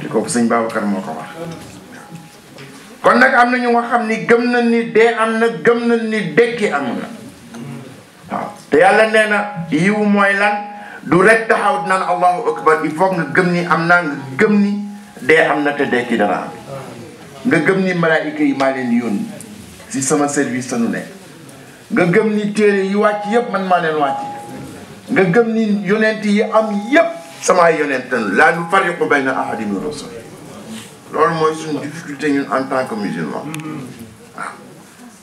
te kooku sëñ Babacar moo ko wax kon nag am na ñu nga xam ni gëm na ni dee am na gëm na ni dekki am na waaw te yàlla nee na yiw mooy lan du rek taxaw naan allahu akbar il faut nga gëm ni am naa nga gëm ni dee am na te dekki dana am nga gëm ni malaayika yi maa leen di yónni sama service sanu ne nga gëm ni téere yi wàcc yépp man maa leen wàcc nga gëm ni yonent yi am yépp sama yonent laa nu fariqu bayna ahadin min rasul lool mooy suñu difficulté ñun en tant que musulman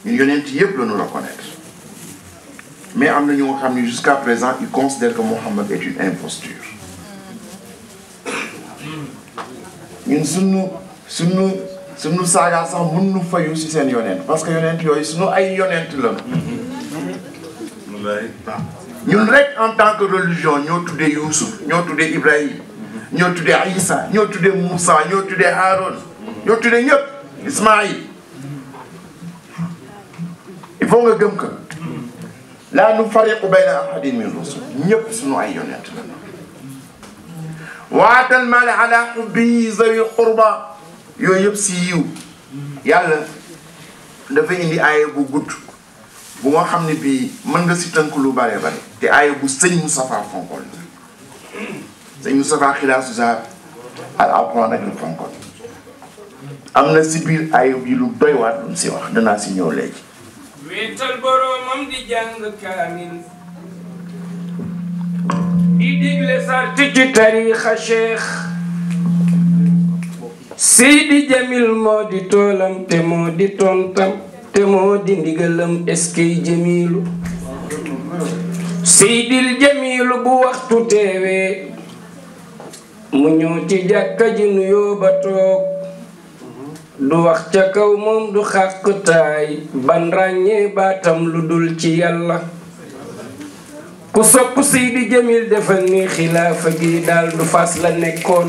Il ñun yonent yépp la ñu reconnaître mais am na ñu nga xam ne jusqu'à présent ils considèrent que Mohammed est une imposture ñun suñu suñu suñu saaga sax mën nu fayu si seen yonent parce que yonent yooyu suñu ay yonent la waaw ñun rek en tant que religion ñoo tuddee Youssouf ñoo tuddee Ibrahim ñoo tuddee Isa ñoo tuddee Moussa ñoo tuddee Aaron ñoo tuddee ñëpp Ismaïl il faut nga gëm ko laa nu fariqu bayna ahadin min rusul ñëpp suñu ay yonent la waatal maal ala hubbi zawi qurba yooyu yëpp si yiw yàlla dafa indi aaya bu gudd bu nga xam ne bii mën nga si tënk lu bare bare te aaya bu sëñ Moustapha fonkoon la sëñ Moustapha xilaasu sa al alxuraan rek la fonkoon am na si biir aaya lu doy lu mu si wax danaa si ñëw léegi wéetal boroomam di jàng kaamil di digle sarti ci tariixa cheikh Seydi Jamil moo di toolam te moo di tontam te moo di ndigalam eskey jamilu seydil jamiilu bu waxtu teewee mu ñëw ci jàkka ji nuyoo ba toog du wax ca kaw moom du xàqtaay ban ràññee baatam lu dul ci yàlla ku sopp seydi jamil defal ni xilaafa gi daldu fas la nekkoon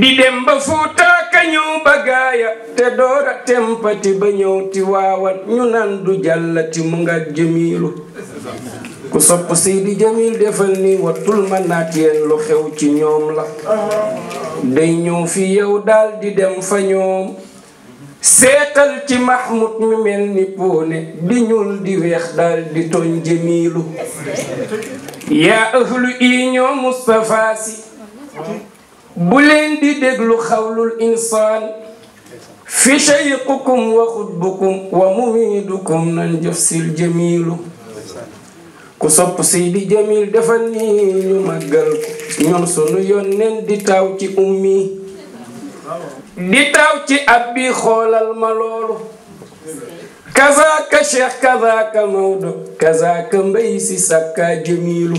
di dem ba fuuta ka ñëw ba gaaya te doora tempati ba ñëw ti waawan ñu naan du jàllati mu nga jëmiilu ku sopp Seydi Jamil defal ni wattul ma naat yeen lu xew ci ñoom la day ñëw fi yow daldi dem fa ñoom seetal ci Mahmoud mu mel ni poone bi ñuul di weex daal di toñ yaa ahlu i ñoom Moustapha si bu leen di déglu xawlul insaan fi shayqukum wa xutbukum wa mumiidukum nan jëf sil jamiilu ku sopp Seydi Jamil defal nii ñu màggal ko ñun sunu yónneen di taw ci ummi di taaw ci ab xoolal ma loolu kazaaka cheikh kazaaka mawdo kazaaka mbay si sàkka jamiilu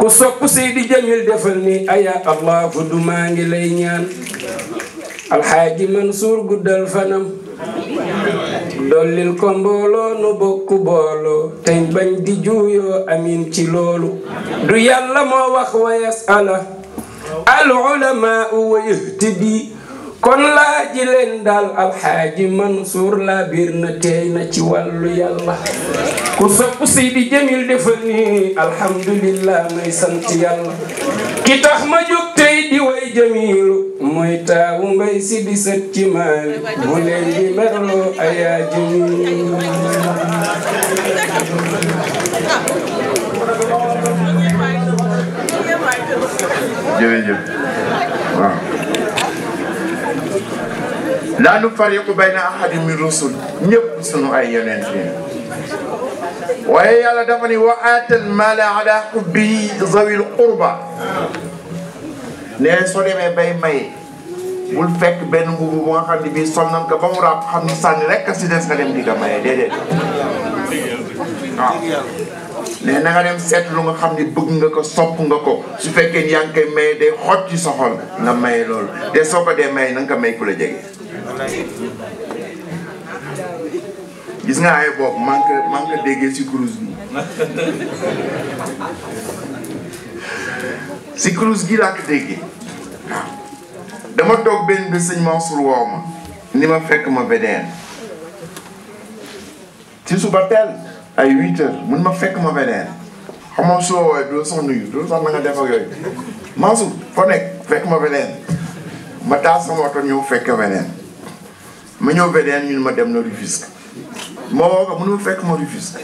ku sopp Seydi Jamil defal ni aya allah du maa ngi lay ñaan alxaaji Mansuur guddal fanam dollil ko mbooloo nu bokk booloo teñ bañ di juuyoo amin ci loolu du yàlla moo wax wa yasala al ulamaa wa yahtadi kon laa ji leen daal alxaaji Mansour laa biir na teey na ci wàllu yàlla ku sopp Seydi Jamil defal ni alhamdulillah may ki tax ma jóg tey way jamilu mooy taawu mbay si ci maali mu leen di merloo ayaa laa nu fariqu bayna ahadin min rusul ñëpp sunu ay yonent waaye yàlla dafa ni wa aatal maala ala xubbi zawil qurba ne soo demee bay may bul fekk benn mbubu bu nga xam ne bii sol ba mu ràpp xam ne sànni rek si des nga dem di ko maye déedéet waaw ne na dem seet lu nga xam ni bëgg nga ko sopp nga ko su fekkee yaa ngi koy maye day xoj ci soxol nga maye loolu de soo ko dee maye na nga may ku la jege gis nga ay bopp man ka man ka déggee si kurus bi si kurus gi laa ko déggee waaw dama toog benn bi sëñ Mansour woow ma ni ma fekk ma VDN ci suba teel ay huit mun ma fekk ma VDN xam nga su woowee doo sax nuyu doo sax na nga def yooyu Mansour foo nekk fekk ma VDN ma taal sama oto fekk VDN ma ñëw VDN ñu ne ma dem na Rufisque ma woo ko mënu ma fekk ma Rufisque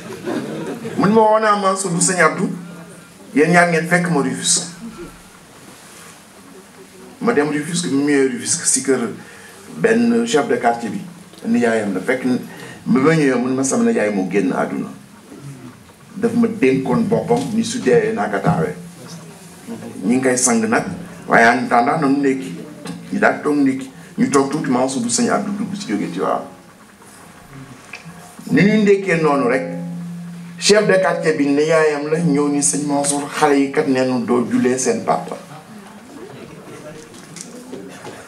mun ma woo naa ma su du sëñ Abdou yéen ngeen fekk ma Rufisque ma dem Rufisque mu ñëwee Rufisque si kër benn chef de quartier bi nijaayam la fekk ma ñëwee mun ma sama nijaay moo génn àdduna daf ma dénkoon boppam ni su dee naa ko ñu ngi koy sang nag waaye en attendant noonu nekki ñu daal toog nekki ñu toog tuuti maam su bu sëñ Abdou dugg ci jóge Tiwaawan ñu ñu ndekkee noonu rek chef de quartier bi ne la ñëw ni sëñ Mansour xale yi kat neenu doo jullee seen papa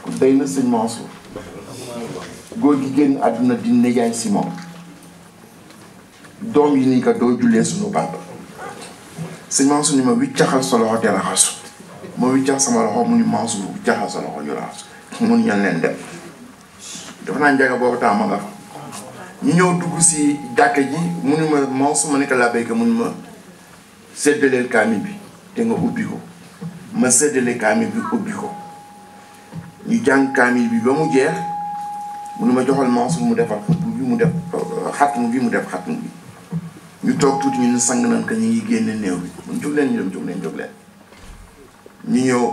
ku day na sëñ Mansour góor gi génn àdduna di ne yaay si yi ni ko doo suñu ma wiccaxal sa loxo te raxasu ma wiccax sama loxo mu ni Mansour wiccaxal sa loxo ñu raxasu mun ñan leen dem dafa naa njaga boobu temps nga fa ñu ñëw dugg si jàkk ji munuma moom su ma nekk laa béykat munuma séddaleel kaamil bi te nga ubbi ko ma seddale kaamil bi ubbi ko ñu jàng kaamil bi ba mu jeex munuma joxal Mansour mu defar xutbu bi mu def xatmu bi mu def xatmu bi ñu toog tuuti ñu ne sang nañ ko ñu ngi génne néew bi mun jóg leen ñu dem jóg leen ñu ñëw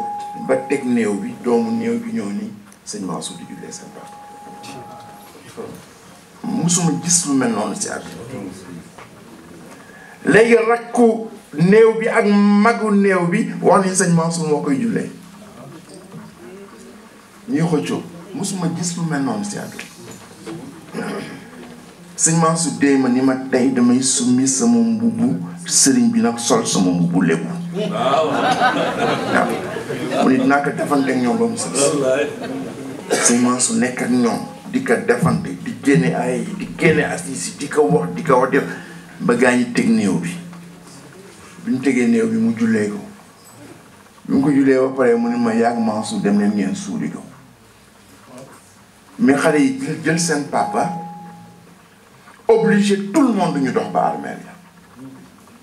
ba teg néew bi doomu néew bi ñëw ni sëñ di jullee seen papa musuma gis lu mel noonu ci àdduna léegi rakku néew bi ak magu néew bi wax ni sëñ moo koy jullee ñuy xëccoo musuma gis lu mel noonu ci àdduna sëñ Mansour déy ma ni ma tey damay summi sama mbubb sëriñ bi nag sol sama mbubu lébu waaw mu ne dinaa ko defante ak ñoom ba mu sës sëñ Mansour nekk ak ñoom di ko defante di génne ay di génne assis di ko wax di ko wax def ba gaa ñi teg néew bi bi ñu néew bi mu jullee ko bi mu ko jullee ba pare mu ne ma yàgg Mansour dem leen ngeen suuli ko mais xale yi jël seen papa obligé tout le monde ñu dox ba armeel ya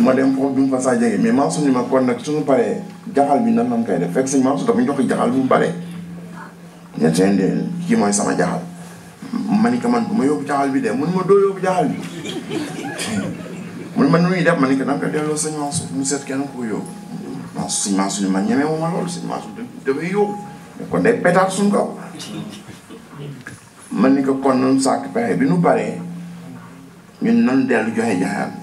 ma dem foofu bi mu fa saa jege mais maa suñu ma kon nag suñu paree jaxal bi nan nan koy def fekk sëñ maa su dafa jox jaxal bi mu de kii mooy sama jaxal ma ni ko man bu ma yóbbu jaxal bi de mun ma doo yóbbu jaxal bi mun ma def ma ni ko nan delloo sëñ maa su mu seet kenn ko yóbbu maa su sëñ ma ñemee wu ma loolu sëñ maa su dafay yóbbu kon day pétaat suñu kaw man ni ko kon nun sàkk pexe bi nu paree ñun nan dellu joxe jaxal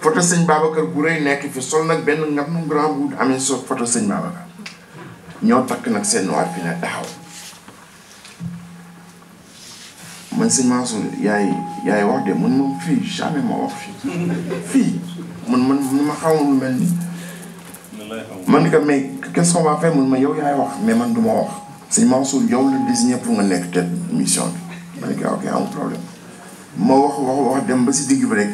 photo sëñ Babacar bu rëy nekk fi sol nag benn ngam nu grand bu amee so photo sëñ Babacar ñoo takk nag seen noir bi nag taxaw man sëñ Mansour yaay yaay wax de man man man ma xaw lu mel man ka mais qu'est-ce mun ma yow yaay wax mais man du ma wax sëñ Mansour yow la désigné pour nga nekk tête mission bi ma ne ko ok problème ma wax wax wax dem ba si digg bi rek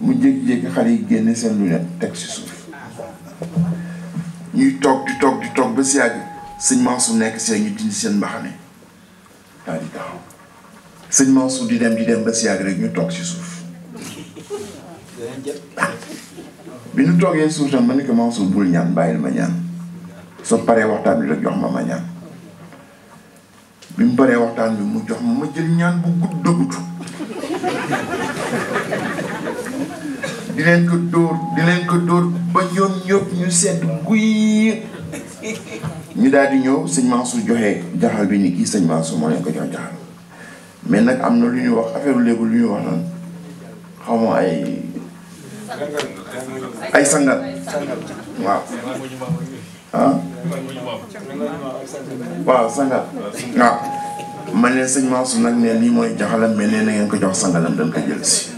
mu jékki-jékki xale yi génne seen lu lunette teg ci suuf ñuy toog di toog di toog ba si yàgg sëñ Mansour nekk si ñu dindi seen mbaxane daal sëñ Mansour di dem di dem ba si yàgg rek ñu toog ci suuf bi ñu toogee suuf tam ma ne ko bul ñaan bàyyil ma ñaan soo paree waxtaan bi rek jox ma ma ñaan bi mu paree waxtaan bi mu jox ma ma jël ñaan bu gudd gudd di leen ko dóor di leen ko dóor ba ñoom ñëpp ñu seet guy ñu daal di ñëw sëñ Mansour joxe jaxal bi ñu kii sëñ Mansour moo leen ko jox jaxal mais nag am na lu ñuy wax affaire léegi lu ñuy wax naan xaw ma ay ay sangal waaw ah waaw sangal waaw man leen sëñ Mansour nag ne lii mooy jaxalam mais nee na ngeen ko jox sangalam dañ ko jël si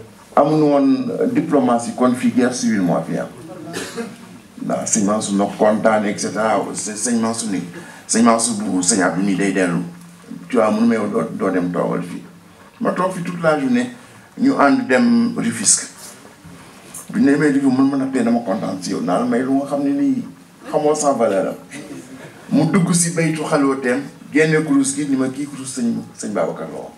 Amoun ou an euh, diplomasi kon figya sivil mwa fiyan. Se yman sou nok kontan, etc. Se yman sou ni, se yman sou bou, se yman pou ni dey denrou. Tua amoun mwen yo do dem to orfi. Matro fi tout la jounen, nyo and dem rifisk. Bine mwen rivou, moun mwen apen nan mwen kontan si yo. Nan mwen mwen khamne ni, kham wosan valeran. Moun tou kousi bayi chou khalo tem, gen ne koulous ki, ni mwen ki koulous se yman. Se yman wakal wakal wakal.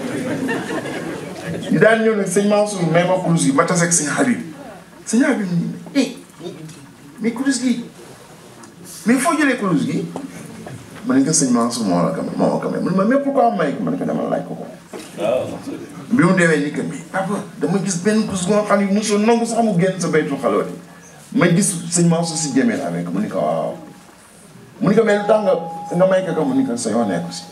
ñu daan ñëw nag sëñ Mansour may ma kurus gi ma tas ak sëñ Habib sëñ Habib eh mais kurus gi mais foo jëlee kurus gi ma ne ko sëñ Mansour moo la ko may moo ma ko man ma mais pourquoi ko ma ne ko dama laaj ko ko. Ah. ni que mais papa dama gis benn kurus boo xam ne mosul ma gis sëñ si jëmee la amee ko mu ne ko waaw mu ne ko mais ma tax nga ko sa yoon nekku si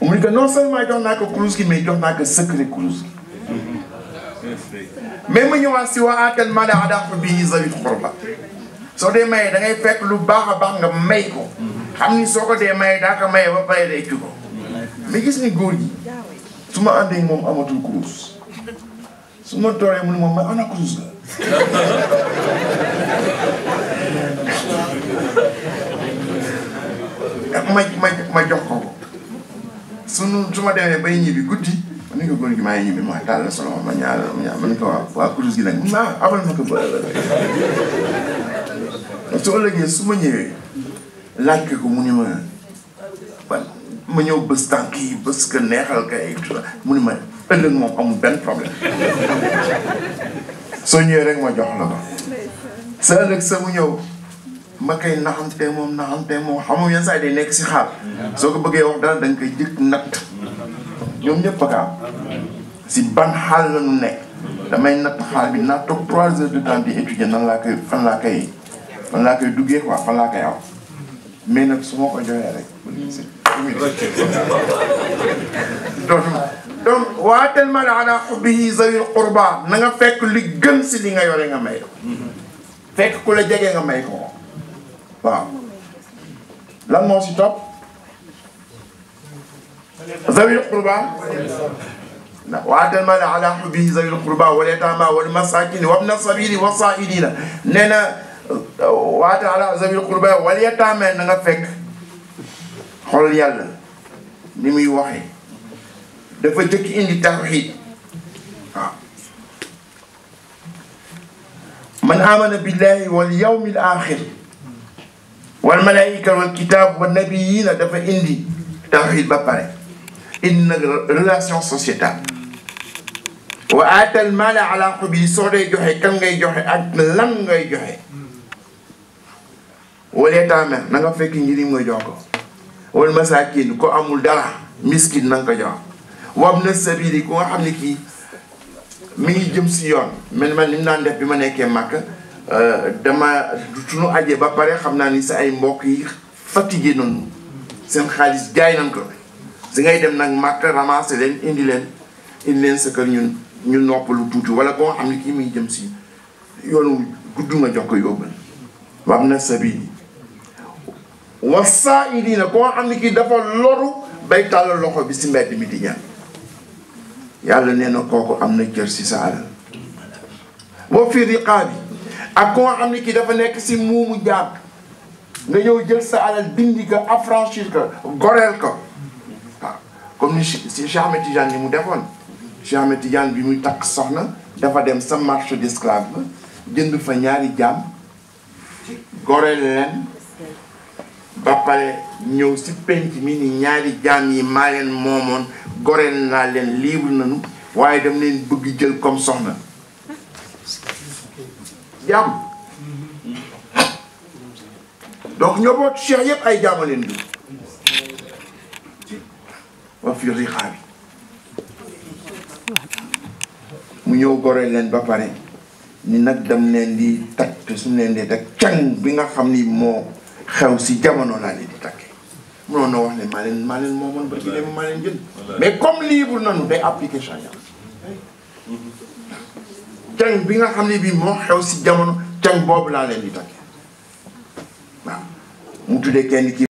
mu ni que non seulement jox naa ko kurus gi mais jox naa ko secret kurus gi mais mu ñëwaat si waa atel mala adaq bi zawil qurba soo dee maye da fekk lu baax a baax nga may ko xam ni soo ko dee maye daa ko maye ba pare day ko mais gis ni góor yi su ma àndee moom amatul kurus su ma tooree mu ne moom ma ana kurus la sunu su ma demee bay ñibbi guddi man ni nga góor gi maa ngi ñibbi mooy daal solo ma ñaar ma ñaar man ko waaw waa kurus gi nag mun naa abal ma ko ba su ëllëgee su ma ñëwee laaj ko mu ni ma ma ñëw bés tànk yi bés que neexal kay mu ni ma ëllëg moom amul benn problème soo ñëwee rek ma jox la ko sa ëllëg sa mu ñëw ma koy naxante moom naxante moom xamu yenn saa yi nekk si xaal soo ko bëggee wax daal da nga koy jëkk nat ñoom ñëpp a gaaw si ban xaal na ñu nekk damay natt xaal bi naa toog trois heures de temps di étudier nan laa koy fan laa koy fan laa koy duggee quoi fan laa koy aw mais nag su ma ko joxee rek donc donc waa tellement ala xubbihi zawil qurba na nga fekk li gën si li nga yore nga may ko fekk ku la jege nga may ko لن lan moo si القربى zawil qurba وعد المال على حبه ذوي القربى واليتامى والمساكين وابن السبيل والصائلين نينا وعد على ذوي القربى واليتامى نغا فك خول يالا ni muy waxe dafa jëkk indi tawhid man amana billahi wal yawmil والملائكة والكتاب والنبيين دفع إندي توحيد بباري إن ريلاسيون سوسيتا وآتى المال على خبي صوري جوحي كم غي جوحي أك لم غي جوحي وليتامة نغا فيك نجري مو جوكو والمساكين كو أمول دارا مسكين نغا جوكو وابن السبيل كو أحمني كي مي جمسيون من من نان دفع مني كي مكة Euh, dama suñu ajee ba pare xam naa ni sa ay mbokk yi fatigué nañu seen xaalis jaay nañ si ngay dem nag màkk ramasser leen indi leen indi leen sa kër ñu ñu noppalu tuuti wala koo xam ne kii muy jëm si yoonu gudd nga jox ko yóbbal wam na sabili wasaa ili na koo xam ne kii dafa loru bay tàllal loxo bi si mbedd mi di ñaan yàlla nee na kooku am na jër si sa alal wa fi riqaabi ak ko nga xam ne kii dafa nekk si muumu jàpp nga ñëw jël sa alal bindi ko affranchir ko goreel ko comme ni si Cheikh Ahmed Tidiane ni mu defoon Cheikh Ahmed bi muy takk soxna dafa dem sa marché d'esclave jënd fa ñaari jaam goreel leen ba ñëw si penc mi ni ñaari jaam yi maa leen moomoon goreel naa leen libre nañu waaye dam leen bëgg jël comme soxna jàmm donc ñoo bokk Cheikh yëpp ay jàmm leen du wa fi mu ñëw goree leen ba pare ni nag dem leen li takk su leen di takk bi nga xam ni moo xew si jamono laa leen di takke munoon na wax ne maa leen maa leen moomoon ba ci maa leen jënd mais comme libre nanu day appliqué charia cang bi nga xam ne bii moo xew si jamono cang boobu laa leen di takke waaw mu tuddee kenn kii